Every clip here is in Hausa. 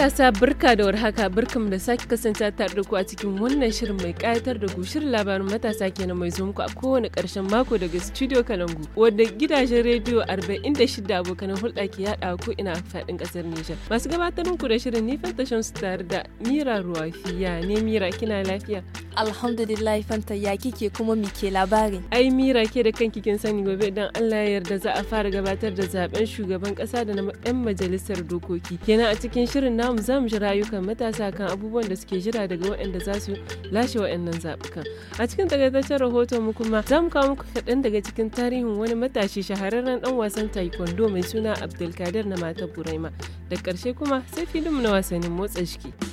matasa barka da warhaka barkam da sake kasance tare da ku a cikin wannan shirin mai kayatar da ku shirin labarin matasa kenan mai zo muku a kowane karshen mako daga studio kalangu wadda gidajen rediyo 46 abokanan hulɗa ke yaɗa ko ina faɗin ƙasar nijar masu gabatar muku da shirin ni fantashan su tare da mira ruwafiya ne mira kina lafiya alhamdulillah fanta ya kike kuma mi ke labarin ai mira ke da kanki kin sani gobe idan allah ya yarda za a fara gabatar da zaben shugaban kasa da na 'yan majalisar dokoki kenan a cikin shirin na zamu za mu rayukan matasa kan abubuwan da suke jira daga waɗanda za su lashe waɗannan zaɓukan. A cikin takaitaccen rahoton mu kuma za mu kawo muku kaɗan daga cikin tarihin wani matashi shahararren ɗan wasan taekwondo mai suna Abdulkadir na matar Buraima. Da ƙarshe kuma sai filin na wasannin motsa jiki.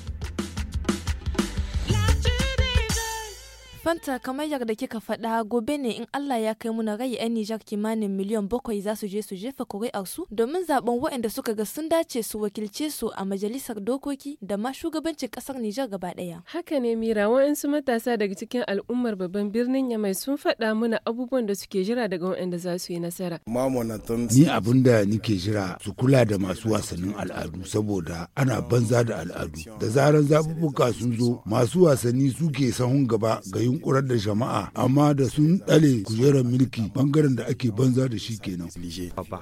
Fanta kamar yadda kika faɗa gobe ne in Allah ya kai muna rai 'yan Nijar kimanin miliyan bakwai za su je su jefa su domin zaben waɗanda suka ga sun dace su wakilce su a majalisar dokoki da ma shugabancin kasar Nijar gaba ɗaya. Haka ne Mira wa'ansu matasa daga cikin al'ummar babban birnin Yamai sun faɗa mana abubuwan da suke jira daga waɗanda za su yi nasara. Ni abin da nike jira su kula da masu wasannin al'adu saboda ana banza da al'adu. Da zarar zaɓuɓɓuka sun zo masu wasanni suke sahun gaba ga yin yunkurar da jama'a amma da sun ɗale kujerar mulki bangaren da ake banza da shi kenan.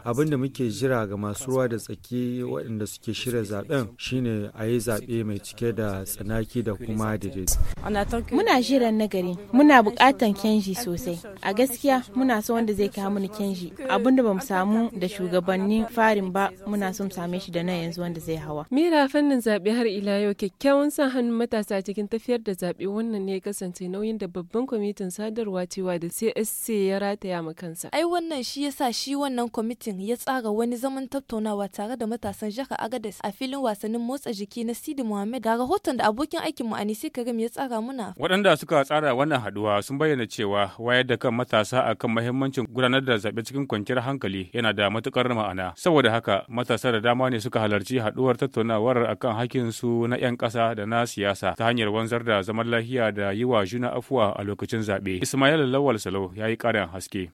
Abin da muke jira ga masu ruwa da tsaki waɗanda suke shirya zaben shine a yi zaɓe mai cike da tsanaki da kuma daidaito. Muna jiran nagari, muna bukatan kenji sosai. A gaskiya muna so wanda zai kawo mana kenji. Abin da bamu samu da shugabannin farin ba muna son same shi da nan yanzu wanda zai hawa. Mira fannin zaɓe har ila yau kyakkyawan sa hannun matasa cikin tafiyar da zaɓe wannan ne ya kasance nauyin da da babban kwamitin sadarwa cewa da CSC ya rataya ma kansa. Ai wannan shi yasa shi wannan kwamitin ya tsara wani zaman tattaunawa tare da matasan jaka Agadez a filin wasannin motsa jiki na Sidi Muhammad. Ga rahoton da abokin aikin mu Anisi Karim ya tsara muna. Waɗanda suka tsara wannan haduwa sun bayyana cewa wayar da kan matasa akan mahimmancin gudanar da zaɓe cikin kwanciyar hankali yana da matukar ma'ana. Saboda haka matasa da dama ne suka halarci haduwar tattaunawar akan hakkin su na 'yan ƙasa da na siyasa ta hanyar wanzar da zaman lafiya da yi wa juna afuwa bukukuwa a lokacin zaɓe. Ismail Lawal Salau ya yi ƙarin haske.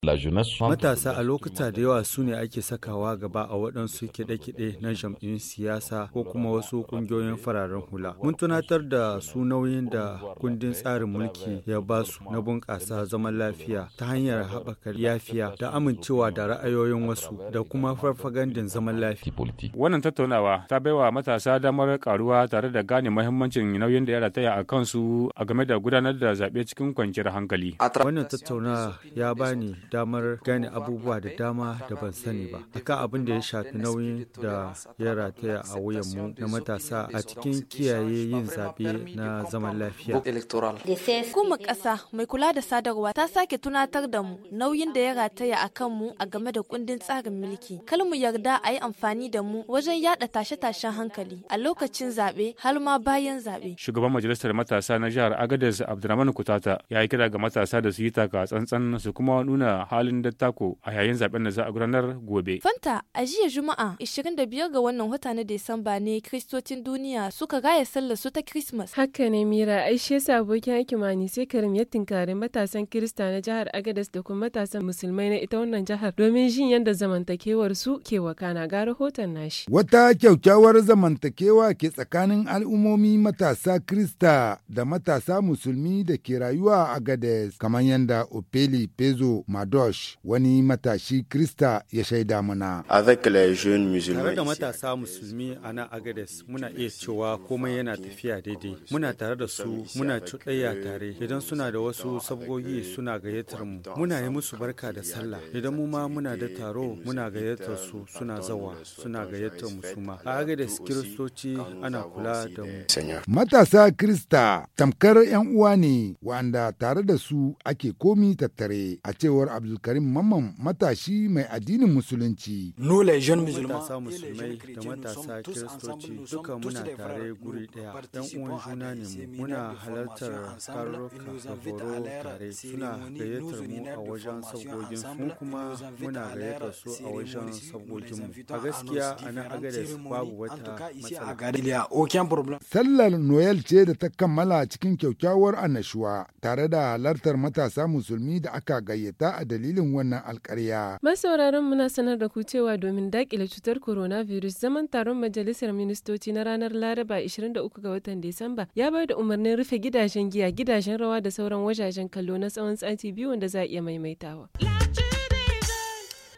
Matasa a lokuta da yawa su ne ake sakawa gaba a waɗansu kiɗe-kiɗe na jam'in siyasa ko kuma wasu ƙungiyoyin fararen hula. Mun tunatar da su nauyin da kundin tsarin mulki ya ba su na bunƙasa zaman lafiya ta hanyar haɓaka yafiya da amincewa da ra'ayoyin wasu da kuma farfagandin zaman lafiya. Wannan tattaunawa ta baiwa matasa damar karuwa tare da gane mahimmancin nauyin da ya rataya a kansu a game da gudanar da zaɓe ya cikin kwanciyar hankali. Wannan tattauna ya bani damar gane abubuwa da dama da ban sani ba. Akan abin da ya shafi nauyin da ya rataya a wuyanmu na matasa a cikin kiyaye yin zaɓe na zaman lafiya. Kuma ƙasa mai kula da sadarwa ta sake tunatar da mu nauyin da ya rataya a kanmu a game da kundin tsarin mulki. Kar mu yarda a yi amfani da mu wajen yada tashe-tashen hankali a lokacin zaɓe har ma bayan zaɓe. Shugaban majalisar matasa na jihar Agadez Abdulrahman Kuta tata ya yi kira ga matasa da su yi taka tsantsan su kuma nuna halin dattako a yayin zaben da za a gudanar gobe. Fanta a jiya Juma'a 25 ga wannan wata na Desamba ne Kiristocin duniya suka gaya sallar su ta Christmas. Haka ne Mira ai shi yasa abokin ma mani sai Karim ya tinkari matasan Kirista na jihar Agadez da kuma matasan musulmai na ita wannan jihar domin jin yadda zamantakewar su ke wakana ga rahoton nashi. Wata kyaukyawar zamantakewa ke tsakanin al'ummomi matasa Kirista da matasa musulmi da ke rayuwa a Agades kamar yadda Opeli Pezo Madosh wani matashi Krista ya shaida mana. Tare da matasa musulmi a nan Agades muna iya cewa komai yana tafiya daidai. Muna tare da su muna cuɗayya tare idan suna da wasu sabgogi suna gayyatar mu. Muna yi musu barka da sallah idan mu ma muna da taro muna gayyatar su suna zawa suna gayyatar mu su ma. A Agades Kiristoci ana kula da mu. Matasa Krista tamkar 'yan uwa ne wanda tare da su ake komi tattare a cewar abdulkarim mamman matashi mai addinin musulunci. Nula jan matasa musulmai da matasa kiristoci duka muna tare guri daya. don uwan juna ne mu muna halartar karuka da horo tare suna gayyatar mu a wajen sabgogin mu kuma muna gayyatar su a wajen sabgogin mu a gaskiya a nan su babu wata matsala. Sallar noyal ce da ta kammala cikin kyakkyawar annashuwa tare da halartar matasa musulmi da aka gayyata a dalilin wannan alkarya. Masauraran muna sanar da ku cewa domin dakile cutar coronavirus zaman taron majalisar ministoci na ranar Laraba 23 ga watan Disamba ya bai da umarnin rufe gidajen giya, gidajen rawa da sauran wajajen kallo na tsawon sati biyu wanda za a iya maimaitawa.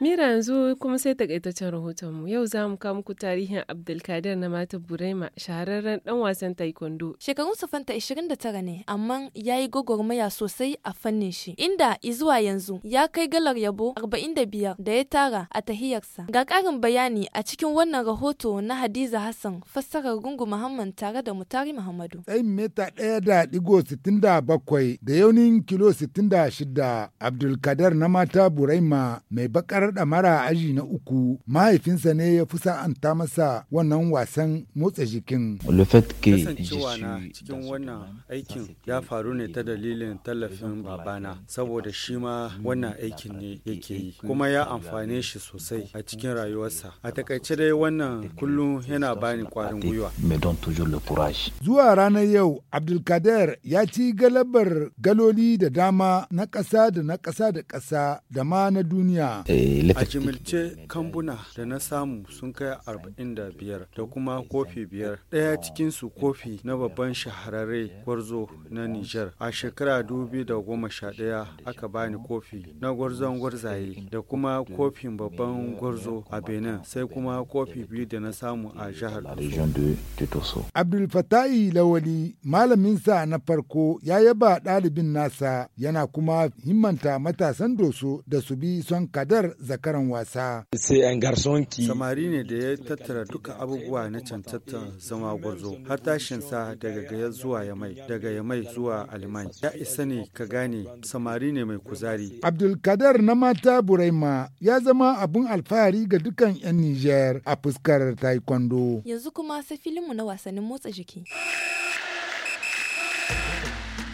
Mira yanzu kuma sai takaitaccen rahotonmu yau za mu kawo muku tarihin Abdulkadir na mata Burema shahararren dan wasan taekwondo. Shekarun fanta 29 ne amma ya yi gwagwarmaya sosai a fannin shi inda izuwa yanzu ya kai galar yabo 45 da ya tara a tahiyarsa. Ga ƙarin bayani a cikin wannan rahoto na Hadiza Hassan fassarar Gungu Muhammad tare da Mutari Muhammadu. Tsayin mita ɗaya da da yaunin kilo 66 Abdulkadir na mata Burema mai bakar ɗamara mara aji na uku mahaifinsa ne ya fi sa'anta masa wannan wasan motsa jikin. Kasancewa na cikin wannan aikin ya faru ne ta dalilin tallafin babana saboda shi ma wannan aikin ne yake yi kuma ya amfane shi sosai a cikin rayuwarsa. A takaice dai wannan kullum yana bani kwarin gwiwa. Zuwa ranar yau Abdulkader ya ci galabar galoli da dama na ƙasa da na ƙasa da ƙasa da ma na duniya. Eh, A jimilce kambuna da na samu sun kai arba'in da biyar da kuma kofi biyar. Ɗaya cikinsu kofi na babban shahararre gwarzo na Nijar. A shekara 2011 aka bani kofi na gwarzon gwarzaye da kuma kofin babban gwarzo a Benin sai kuma kofi biyu da na samu a jihar. Abdul fatai Lawali malaminsa na farko ya yaba ɗalibin nasa yana kuma himmanta matasan doso da su bi son kadar zakaran wasa. Samari ne da ya tattara duka abubuwa na cancanta zama gwarzo har tashinsa daga gaya zuwa yamai daga yamai zuwa alimai ya isa ne ka gane samari ne mai kuzari. Abdulkadar na mata Buraima ya zama abun alfahari ga dukan 'yan Nijar a fuskar taekwondo. Yanzu kuma sai filin mu na wasannin motsa jiki.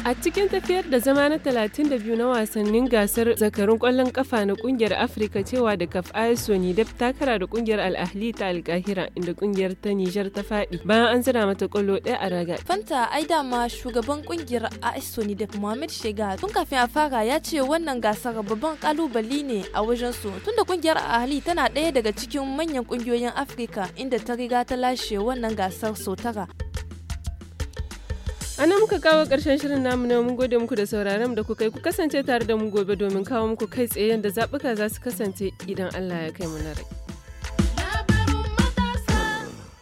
A cikin tafiyar da zama na 32 na wasannin gasar zakarun kwallon kafa na kungiyar Afirka cewa da kaf Sony da takara da kungiyar Al-Ahli ta Alkahira inda kungiyar ta Nijar ta fadi bayan an zira mata kwallo ɗaya a raga. Fanta ai dama shugaban kungiyar AS Sony da muhammad Shega tun kafin a fara ya ce wannan gasar babban kalubali ne a wajen su tunda kungiyar Ahli tana ɗaya daga cikin manyan kungiyoyin Afirka inda ta riga ta lashe wannan gasar sau tara. ana muka kawo karshen shirin namu na mun gode muku da sauraron da kuka yi ku kasance tare da mu gobe domin kawo muku kai tsaye yadda zaɓuka za su kasance idan Allah ya kai mu na rai.